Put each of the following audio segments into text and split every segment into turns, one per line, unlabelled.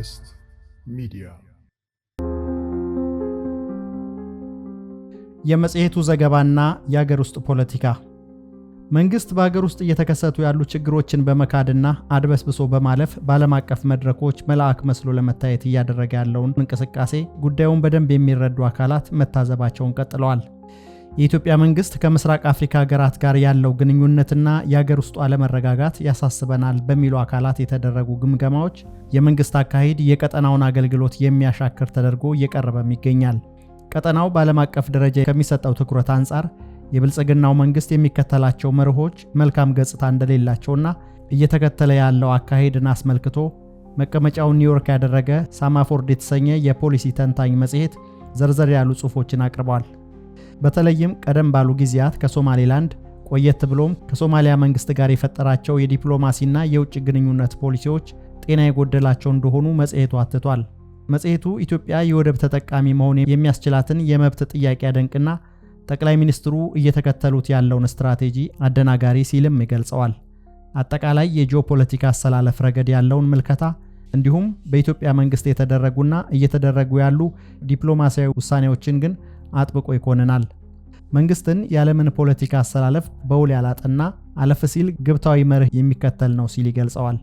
Podcast ሚዲያ።
የመጽሔቱ ዘገባና የአገር ውስጥ ፖለቲካ መንግሥት በአገር ውስጥ እየተከሰቱ ያሉ ችግሮችን በመካድና አድበስብሶ በማለፍ በዓለም አቀፍ መድረኮች መልአክ መስሎ ለመታየት እያደረገ ያለውን እንቅስቃሴ ጉዳዩን በደንብ የሚረዱ አካላት መታዘባቸውን ቀጥለዋል። የኢትዮጵያ መንግስት ከምስራቅ አፍሪካ ሀገራት ጋር ያለው ግንኙነትና የአገር ውስጡ አለመረጋጋት ያሳስበናል በሚሉ አካላት የተደረጉ ግምገማዎች የመንግስት አካሄድ የቀጠናውን አገልግሎት የሚያሻክር ተደርጎ እየቀረበም ይገኛል። ቀጠናው በዓለም አቀፍ ደረጃ ከሚሰጠው ትኩረት አንጻር የብልጽግናው መንግስት የሚከተላቸው መርሆች መልካም ገጽታ እንደሌላቸውና እየተከተለ ያለው አካሄድን አስመልክቶ መቀመጫውን ኒውዮርክ ያደረገ ሳማፎርድ የተሰኘ የፖሊሲ ተንታኝ መጽሔት ዘርዘር ያሉ ጽሑፎችን አቅርቧል። በተለይም ቀደም ባሉ ጊዜያት ከሶማሌላንድ ቆየት ብሎም ከሶማሊያ መንግስት ጋር የፈጠራቸው የዲፕሎማሲና የውጭ ግንኙነት ፖሊሲዎች ጤና የጎደላቸው እንደሆኑ መጽሔቱ አትቷል። መጽሔቱ ኢትዮጵያ የወደብ ተጠቃሚ መሆን የሚያስችላትን የመብት ጥያቄ ያደንቅና ጠቅላይ ሚኒስትሩ እየተከተሉት ያለውን ስትራቴጂ አደናጋሪ ሲልም ይገልጸዋል። አጠቃላይ የጂኦፖለቲካ አሰላለፍ ረገድ ያለውን ምልከታ እንዲሁም በኢትዮጵያ መንግስት የተደረጉና እየተደረጉ ያሉ ዲፕሎማሲያዊ ውሳኔዎችን ግን አጥብቆ ይኮንናል። መንግስትን የዓለምን ፖለቲካ አሰላለፍ በውል ያላጠና አለፍ ሲል ግብታዊ መርህ የሚከተል ነው ሲል ይገልጸዋል።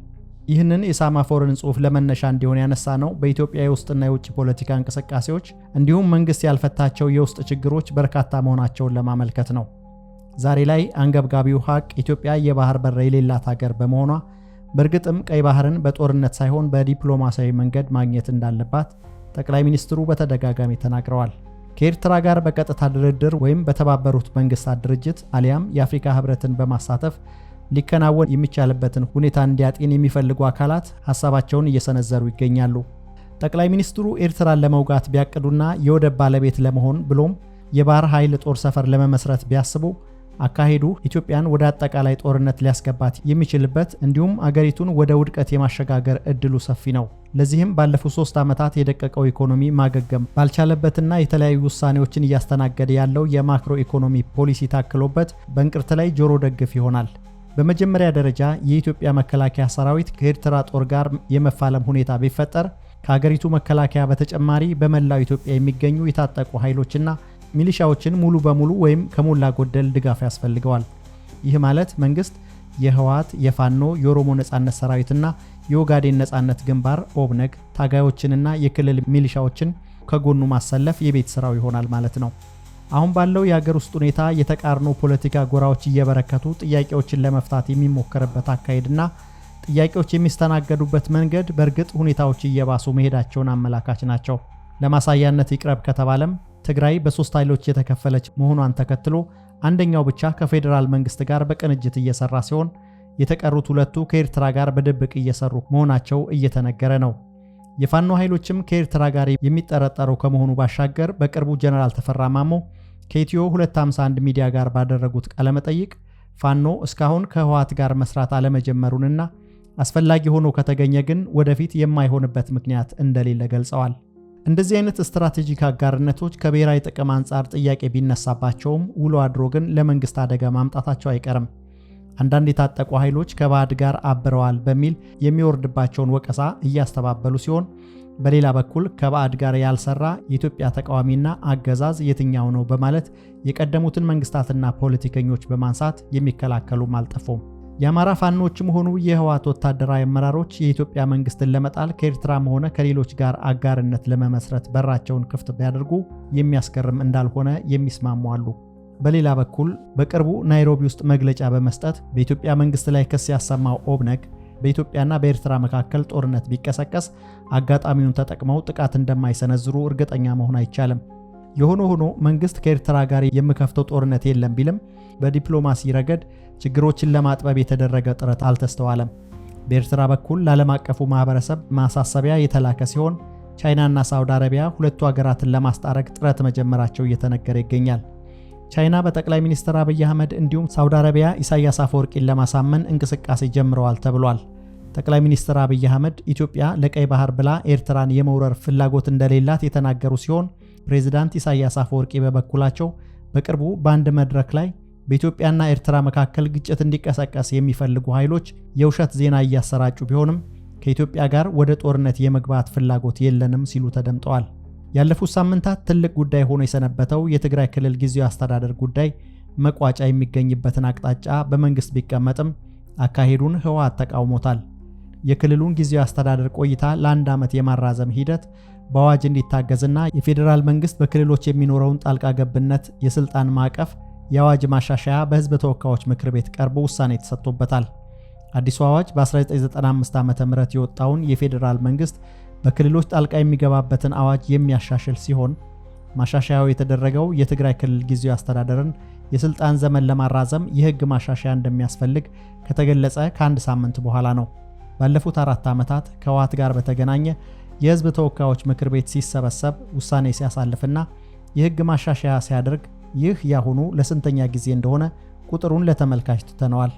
ይህንን የሳማፎርን ጽሑፍ ለመነሻ እንዲሆን ያነሳ ነው በኢትዮጵያ የውስጥና የውጭ ፖለቲካ እንቅስቃሴዎች እንዲሁም መንግስት ያልፈታቸው የውስጥ ችግሮች በርካታ መሆናቸውን ለማመልከት ነው። ዛሬ ላይ አንገብጋቢው ሀቅ ኢትዮጵያ የባህር በር የሌላት ሀገር በመሆኗ በእርግጥም ቀይ ባህርን በጦርነት ሳይሆን በዲፕሎማሲያዊ መንገድ ማግኘት እንዳለባት ጠቅላይ ሚኒስትሩ በተደጋጋሚ ተናግረዋል። ከኤርትራ ጋር በቀጥታ ድርድር ወይም በተባበሩት መንግስታት ድርጅት አሊያም የአፍሪካ ህብረትን በማሳተፍ ሊከናወን የሚቻልበትን ሁኔታ እንዲያጤን የሚፈልጉ አካላት ሀሳባቸውን እየሰነዘሩ ይገኛሉ። ጠቅላይ ሚኒስትሩ ኤርትራን ለመውጋት ቢያቅዱና የወደብ ባለቤት ለመሆን ብሎም የባህር ኃይል ጦር ሰፈር ለመመስረት ቢያስቡ አካሄዱ ኢትዮጵያን ወደ አጠቃላይ ጦርነት ሊያስገባት የሚችልበት እንዲሁም አገሪቱን ወደ ውድቀት የማሸጋገር እድሉ ሰፊ ነው። ለዚህም ባለፉት ሶስት ዓመታት የደቀቀው ኢኮኖሚ ማገገም ባልቻለበትና የተለያዩ ውሳኔዎችን እያስተናገደ ያለው የማክሮ ኢኮኖሚ ፖሊሲ ታክሎበት በእንቅርት ላይ ጆሮ ደግፍ ይሆናል። በመጀመሪያ ደረጃ የኢትዮጵያ መከላከያ ሰራዊት ከኤርትራ ጦር ጋር የመፋለም ሁኔታ ቢፈጠር ከሀገሪቱ መከላከያ በተጨማሪ በመላው ኢትዮጵያ የሚገኙ የታጠቁ ኃይሎችና ሚሊሻዎችን ሙሉ በሙሉ ወይም ከሞላ ጎደል ድጋፍ ያስፈልገዋል። ይህ ማለት መንግስት የህወሓት፣ የፋኖ፣ የኦሮሞ ነጻነት ሰራዊትና የኦጋዴን ነጻነት ግንባር ኦብነግ ታጋዮችንና የክልል ሚሊሻዎችን ከጎኑ ማሰለፍ የቤት ስራው ይሆናል ማለት ነው። አሁን ባለው የአገር ውስጥ ሁኔታ የተቃርኖ ፖለቲካ ጎራዎች እየበረከቱ ጥያቄዎችን ለመፍታት የሚሞከርበት አካሄድና ጥያቄዎች የሚስተናገዱበት መንገድ በእርግጥ ሁኔታዎች እየባሱ መሄዳቸውን አመላካች ናቸው። ለማሳያነት ይቅረብ ከተባለም ትግራይ በሶስት ኃይሎች የተከፈለች መሆኗን ተከትሎ አንደኛው ብቻ ከፌዴራል መንግስት ጋር በቅንጅት እየሰራ ሲሆን የተቀሩት ሁለቱ ከኤርትራ ጋር በድብቅ እየሰሩ መሆናቸው እየተነገረ ነው። የፋኖ ኃይሎችም ከኤርትራ ጋር የሚጠረጠሩ ከመሆኑ ባሻገር በቅርቡ ጀነራል ተፈራ ማሞ ከኢትዮ 251 ሚዲያ ጋር ባደረጉት ቃለመጠይቅ ፋኖ እስካሁን ከህወሓት ጋር መስራት አለመጀመሩንና አስፈላጊ ሆኖ ከተገኘ ግን ወደፊት የማይሆንበት ምክንያት እንደሌለ ገልጸዋል። እንደዚህ አይነት ስትራቴጂክ አጋርነቶች ከብሔራዊ ጥቅም አንጻር ጥያቄ ቢነሳባቸውም ውሎ አድሮ ግን ለመንግስት አደጋ ማምጣታቸው አይቀርም። አንዳንድ የታጠቁ ኃይሎች ከባዕድ ጋር አብረዋል በሚል የሚወርድባቸውን ወቀሳ እያስተባበሉ ሲሆን፣ በሌላ በኩል ከባዕድ ጋር ያልሰራ የኢትዮጵያ ተቃዋሚና አገዛዝ የትኛው ነው በማለት የቀደሙትን መንግስታትና ፖለቲከኞች በማንሳት የሚከላከሉም አልጠፉም። የአማራ ፋኖችም ሆኑ የህወሓት ወታደራዊ አመራሮች የኢትዮጵያ መንግስትን ለመጣል ከኤርትራም ሆነ ከሌሎች ጋር አጋርነት ለመመስረት በራቸውን ክፍት ቢያደርጉ የሚያስገርም እንዳልሆነ የሚስማሙ አሉ። በሌላ በኩል በቅርቡ ናይሮቢ ውስጥ መግለጫ በመስጠት በኢትዮጵያ መንግስት ላይ ክስ ያሰማው ኦብነግ በኢትዮጵያና በኤርትራ መካከል ጦርነት ቢቀሰቀስ አጋጣሚውን ተጠቅመው ጥቃት እንደማይሰነዝሩ እርግጠኛ መሆን አይቻልም። የሆነ ሆኖ መንግስት ከኤርትራ ጋር የምከፍተው ጦርነት የለም ቢልም በዲፕሎማሲ ረገድ ችግሮችን ለማጥበብ የተደረገ ጥረት አልተስተዋለም። በኤርትራ በኩል ለዓለም አቀፉ ማህበረሰብ ማሳሰቢያ የተላከ ሲሆን ቻይናና ሳውዲ አረቢያ ሁለቱ ሀገራትን ለማስታረቅ ጥረት መጀመራቸው እየተነገረ ይገኛል። ቻይና በጠቅላይ ሚኒስትር አብይ አህመድ እንዲሁም ሳውዲ አረቢያ ኢሳያስ አፈወርቂን ለማሳመን እንቅስቃሴ ጀምረዋል ተብሏል። ጠቅላይ ሚኒስትር አብይ አህመድ ኢትዮጵያ ለቀይ ባህር ብላ ኤርትራን የመውረር ፍላጎት እንደሌላት የተናገሩ ሲሆን ፕሬዚዳንት ኢሳያስ አፈወርቂ በበኩላቸው በቅርቡ በአንድ መድረክ ላይ በኢትዮጵያና ኤርትራ መካከል ግጭት እንዲቀሰቀስ የሚፈልጉ ኃይሎች የውሸት ዜና እያሰራጩ ቢሆንም ከኢትዮጵያ ጋር ወደ ጦርነት የመግባት ፍላጎት የለንም ሲሉ ተደምጠዋል። ያለፉት ሳምንታት ትልቅ ጉዳይ ሆኖ የሰነበተው የትግራይ ክልል ጊዜያዊ አስተዳደር ጉዳይ መቋጫ የሚገኝበትን አቅጣጫ በመንግስት ቢቀመጥም አካሄዱን ህወሓት ተቃውሞታል። የክልሉን ጊዜያዊ አስተዳደር ቆይታ ለአንድ ዓመት የማራዘም ሂደት በአዋጅ እንዲታገዝና የፌዴራል መንግስት በክልሎች የሚኖረውን ጣልቃ ገብነት የስልጣን ማዕቀፍ የአዋጅ ማሻሻያ በህዝብ ተወካዮች ምክር ቤት ቀርቦ ውሳኔ ተሰጥቶበታል። አዲሱ አዋጅ በ1995 ዓ ም የወጣውን የፌዴራል መንግስት በክልሎች ጣልቃ የሚገባበትን አዋጅ የሚያሻሽል ሲሆን ማሻሻያው የተደረገው የትግራይ ክልል ጊዜያዊ አስተዳደርን የስልጣን ዘመን ለማራዘም የህግ ማሻሻያ እንደሚያስፈልግ ከተገለጸ ከአንድ ሳምንት በኋላ ነው። ባለፉት አራት ዓመታት ከህወሓት ጋር በተገናኘ የህዝብ ተወካዮች ምክር ቤት ሲሰበሰብ ውሳኔ ሲያሳልፍና የህግ ማሻሻያ ሲያደርግ ይህ ያሁኑ ለስንተኛ ጊዜ እንደሆነ ቁጥሩን ለተመልካች ትተነዋል።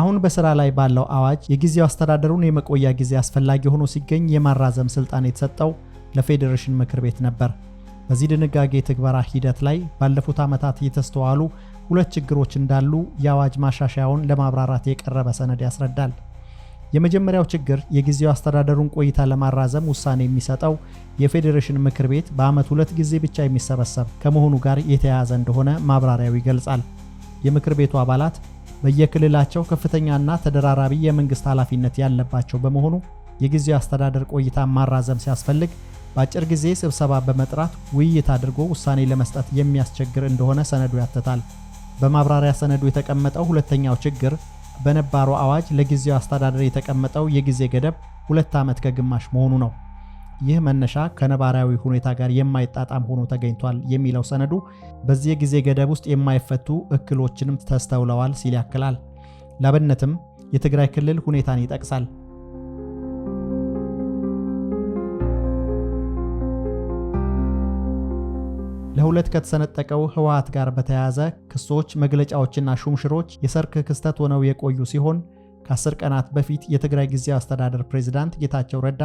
አሁን በሥራ ላይ ባለው አዋጅ የጊዜው አስተዳደሩን የመቆያ ጊዜ አስፈላጊ ሆኖ ሲገኝ የማራዘም ሥልጣን የተሰጠው ለፌዴሬሽን ምክር ቤት ነበር። በዚህ ድንጋጌ ትግበራ ሂደት ላይ ባለፉት ዓመታት የተስተዋሉ ሁለት ችግሮች እንዳሉ የአዋጅ ማሻሻያውን ለማብራራት የቀረበ ሰነድ ያስረዳል። የመጀመሪያው ችግር የጊዜው አስተዳደሩን ቆይታ ለማራዘም ውሳኔ የሚሰጠው የፌዴሬሽን ምክር ቤት በዓመት ሁለት ጊዜ ብቻ የሚሰበሰብ ከመሆኑ ጋር የተያያዘ እንደሆነ ማብራሪያው ይገልጻል። የምክር ቤቱ አባላት በየክልላቸው ከፍተኛና ተደራራቢ የመንግስት ኃላፊነት ያለባቸው በመሆኑ የጊዜው አስተዳደር ቆይታ ማራዘም ሲያስፈልግ በአጭር ጊዜ ስብሰባ በመጥራት ውይይት አድርጎ ውሳኔ ለመስጠት የሚያስቸግር እንደሆነ ሰነዱ ያትታል። በማብራሪያ ሰነዱ የተቀመጠው ሁለተኛው ችግር በነባሩ አዋጅ ለጊዜው አስተዳደር የተቀመጠው የጊዜ ገደብ ሁለት ዓመት ከግማሽ መሆኑ ነው። ይህ መነሻ ከነባራዊ ሁኔታ ጋር የማይጣጣም ሆኖ ተገኝቷል የሚለው ሰነዱ በዚህ የጊዜ ገደብ ውስጥ የማይፈቱ እክሎችንም ተስተውለዋል ሲል ያክላል። ላብነትም የትግራይ ክልል ሁኔታን ይጠቅሳል። ለሁለት ከተሰነጠቀው ህወሓት ጋር በተያያዘ ክሶች፣ መግለጫዎችና ሹምሽሮች የሰርክ ክስተት ሆነው የቆዩ ሲሆን ከአስር ቀናት በፊት የትግራይ ጊዜያዊ አስተዳደር ፕሬዝዳንት ጌታቸው ረዳ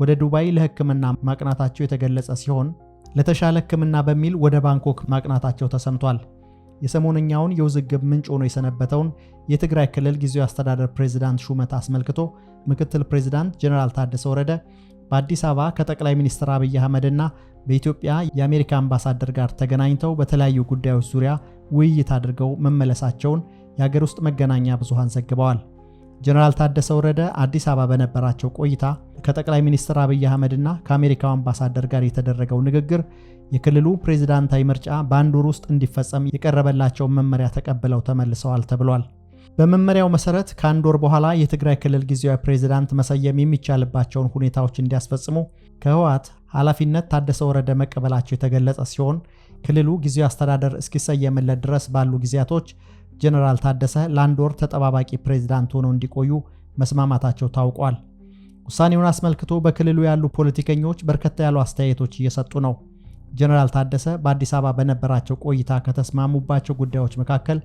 ወደ ዱባይ ለህክምና ማቅናታቸው የተገለጸ ሲሆን ለተሻለ ሕክምና በሚል ወደ ባንኮክ ማቅናታቸው ተሰምቷል። የሰሞነኛውን የውዝግብ ምንጭ ሆኖ የሰነበተውን የትግራይ ክልል ጊዜያዊ አስተዳደር ፕሬዝዳንት ሹመት አስመልክቶ ምክትል ፕሬዝዳንት ጀኔራል ታደሰ ወረደ በአዲስ አበባ ከጠቅላይ ሚኒስትር አብይ አህመድና በኢትዮጵያ የአሜሪካ አምባሳደር ጋር ተገናኝተው በተለያዩ ጉዳዮች ዙሪያ ውይይት አድርገው መመለሳቸውን የአገር ውስጥ መገናኛ ብዙሃን ዘግበዋል። ጀነራል ታደሰ ወረደ አዲስ አበባ በነበራቸው ቆይታ ከጠቅላይ ሚኒስትር አብይ አህመድና ከአሜሪካው አምባሳደር ጋር የተደረገው ንግግር የክልሉ ፕሬዚዳንታዊ ምርጫ በአንድ ወር ውስጥ እንዲፈጸም የቀረበላቸውን መመሪያ ተቀብለው ተመልሰዋል ተብሏል። በመመሪያው መሰረት ከአንድ ወር በኋላ የትግራይ ክልል ጊዜያዊ ፕሬዝዳንት መሰየም የሚቻልባቸውን ሁኔታዎች እንዲያስፈጽሙ ከህወሓት ኃላፊነት ታደሰ ወረደ መቀበላቸው የተገለጸ ሲሆን ክልሉ ጊዜያዊ አስተዳደር እስኪሰየምለት ድረስ ባሉ ጊዜያቶች ጀነራል ታደሰ ለአንድ ወር ተጠባባቂ ፕሬዝዳንት ሆነው እንዲቆዩ መስማማታቸው ታውቋል። ውሳኔውን አስመልክቶ በክልሉ ያሉ ፖለቲከኞች በርከታ ያሉ አስተያየቶች እየሰጡ ነው። ጀነራል ታደሰ በአዲስ አበባ በነበራቸው ቆይታ ከተስማሙባቸው ጉዳዮች መካከል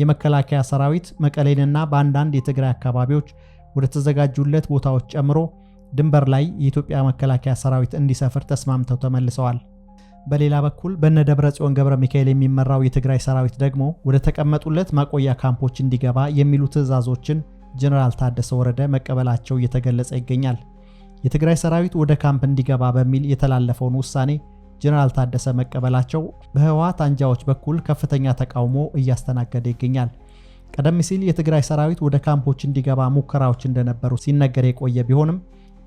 የመከላከያ ሰራዊት መቀሌንና በአንዳንድ የትግራይ አካባቢዎች ወደ ተዘጋጁለት ቦታዎች ጨምሮ ድንበር ላይ የኢትዮጵያ መከላከያ ሰራዊት እንዲሰፍር ተስማምተው ተመልሰዋል። በሌላ በኩል በነ ደብረ ጽዮን ገብረ ሚካኤል የሚመራው የትግራይ ሰራዊት ደግሞ ወደ ተቀመጡለት ማቆያ ካምፖች እንዲገባ የሚሉ ትዕዛዞችን ጀኔራል ታደሰ ወረደ መቀበላቸው እየተገለጸ ይገኛል። የትግራይ ሰራዊት ወደ ካምፕ እንዲገባ በሚል የተላለፈውን ውሳኔ ጀነራል ታደሰ መቀበላቸው በህወሀት አንጃዎች በኩል ከፍተኛ ተቃውሞ እያስተናገደ ይገኛል። ቀደም ሲል የትግራይ ሰራዊት ወደ ካምፖች እንዲገባ ሙከራዎች እንደነበሩ ሲነገር የቆየ ቢሆንም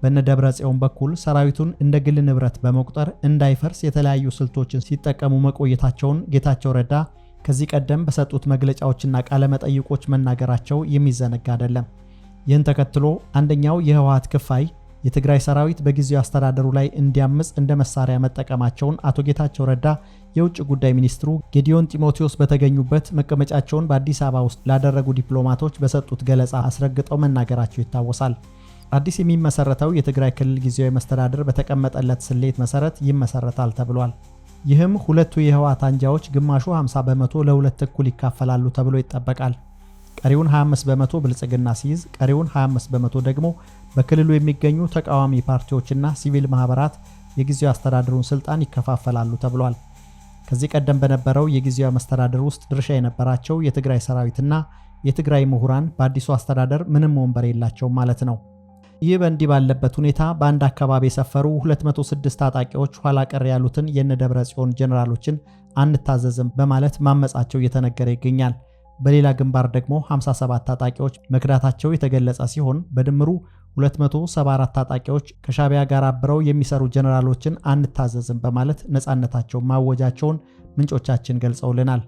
በነ ደብረ ጽዮን በኩል ሰራዊቱን እንደ ግል ንብረት በመቁጠር እንዳይፈርስ የተለያዩ ስልቶችን ሲጠቀሙ መቆየታቸውን ጌታቸው ረዳ ከዚህ ቀደም በሰጡት መግለጫዎችና ቃለመጠይቆች መናገራቸው የሚዘነጋ አይደለም። ይህን ተከትሎ አንደኛው የህወሀት ክፋይ የትግራይ ሰራዊት በጊዜው አስተዳደሩ ላይ እንዲያምጽ እንደ መሳሪያ መጠቀማቸውን አቶ ጌታቸው ረዳ የውጭ ጉዳይ ሚኒስትሩ ጌዲዮን ጢሞቴዎስ በተገኙበት መቀመጫቸውን በአዲስ አበባ ውስጥ ላደረጉ ዲፕሎማቶች በሰጡት ገለጻ አስረግጠው መናገራቸው ይታወሳል። አዲስ የሚመሰረተው የትግራይ ክልል ጊዜያዊ መስተዳድር በተቀመጠለት ስሌት መሰረት ይመሰረታል ተብሏል። ይህም ሁለቱ የህወሓት አንጃዎች ግማሹ 50 በመቶ ለሁለት እኩል ይካፈላሉ ተብሎ ይጠበቃል። ቀሪውን 25 በመቶ ብልጽግና ሲይዝ ቀሪውን 25 በመቶ ደግሞ በክልሉ የሚገኙ ተቃዋሚ ፓርቲዎችና ሲቪል ማህበራት የጊዜያዊ አስተዳደሩን ስልጣን ይከፋፈላሉ ተብሏል። ከዚህ ቀደም በነበረው የጊዜያዊ መስተዳደር ውስጥ ድርሻ የነበራቸው የትግራይ ሰራዊትና የትግራይ ምሁራን በአዲሱ አስተዳደር ምንም ወንበር የላቸውም ማለት ነው። ይህ በእንዲህ ባለበት ሁኔታ በአንድ አካባቢ የሰፈሩ 206 ታጣቂዎች ኋላ ቀር ያሉትን የነደብረ ጽዮን ጀኔራሎችን አንታዘዝም በማለት ማመጻቸው እየተነገረ ይገኛል። በሌላ ግንባር ደግሞ 57 ታጣቂዎች መክዳታቸው የተገለጸ ሲሆን በድምሩ 274 ታጣቂዎች ከሻቢያ ጋር አብረው የሚሰሩ ጀነራሎችን አንታዘዝም በማለት ነፃነታቸውን ማወጃቸውን ምንጮቻችን ገልጸውልናል።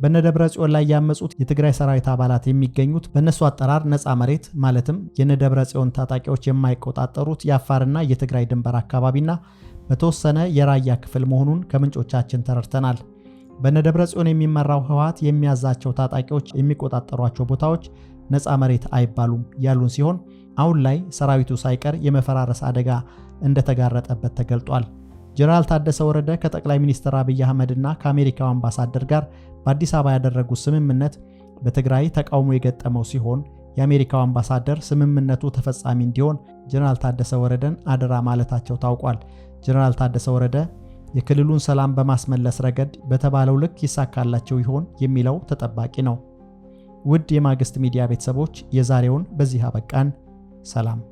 በነደብረ ጽዮን ላይ ያመጹት የትግራይ ሰራዊት አባላት የሚገኙት በእነሱ አጠራር ነፃ መሬት ማለትም የነደብረ ጽዮን ታጣቂዎች የማይቆጣጠሩት የአፋርና የትግራይ ድንበር አካባቢና በተወሰነ የራያ ክፍል መሆኑን ከምንጮቻችን ተረድተናል። በነደብረ ጽዮን የሚመራው ህወሓት የሚያዛቸው ታጣቂዎች የሚቆጣጠሯቸው ቦታዎች ነፃ መሬት አይባሉም ያሉን ሲሆን አሁን ላይ ሰራዊቱ ሳይቀር የመፈራረስ አደጋ እንደተጋረጠበት ተገልጧል። ጀነራል ታደሰ ወረደ ከጠቅላይ ሚኒስትር አብይ አህመድና ከአሜሪካው አምባሳደር ጋር በአዲስ አበባ ያደረጉት ስምምነት በትግራይ ተቃውሞ የገጠመው ሲሆን የአሜሪካው አምባሳደር ስምምነቱ ተፈጻሚ እንዲሆን ጀነራል ታደሰ ወረደን አደራ ማለታቸው ታውቋል። ጀነራል ታደሰ ወረደ የክልሉን ሰላም በማስመለስ ረገድ በተባለው ልክ ይሳካላቸው ይሆን የሚለው ተጠባቂ ነው። ውድ የማግስት ሚዲያ ቤተሰቦች የዛሬውን በዚህ አበቃን። ሰላም